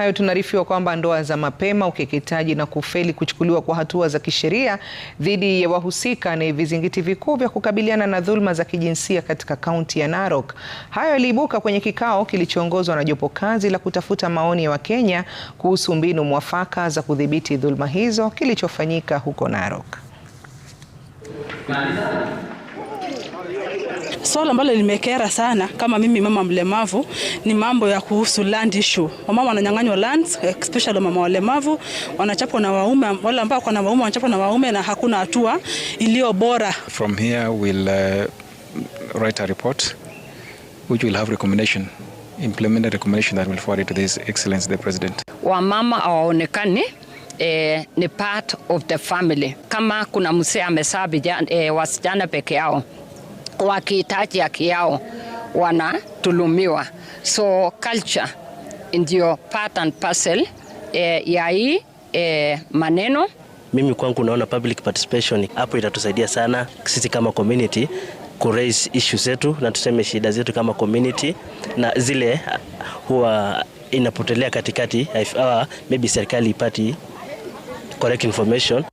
hayo tunaarifiwa kwamba ndoa za mapema, ukeketaji na kufeli kuchukuliwa kwa hatua za kisheria dhidi ya wahusika ni vizingiti vikuu vya kukabiliana na dhuluma za kijinsia katika kaunti ya Narok. Hayo yaliibuka kwenye kikao kilichoongozwa na jopo kazi la kutafuta maoni ya Wakenya kuhusu mbinu mwafaka za kudhibiti dhuluma hizo kilichofanyika huko Narok. Swala ambalo limekera sana kama mimi mama mlemavu ni mambo ya kuhusu land issue. Wamama wananyang'anywa lands, especially mama walemavu wanachapwa na waume, wale ambao kwa na waume wanachapwa na waume na hakuna hatua iliyo bora. From here we'll uh, write a report which will have recommendation implement a recommendation that will forward to this excellence the president. Wamama hawaonekani eh, ni part of the family. Kama kuna msee amezaa eh, wasichana peke yao wakihitaji haki yao wanatulumiwa, so culture ndio part and parcel eh, ya hii eh, maneno mimi kwangu naona public participation hapo itatusaidia sana sisi kama community ku raise issues zetu na tuseme shida zetu kama community, na zile huwa inapotelea katikati, if, uh, maybe serikali ipati correct information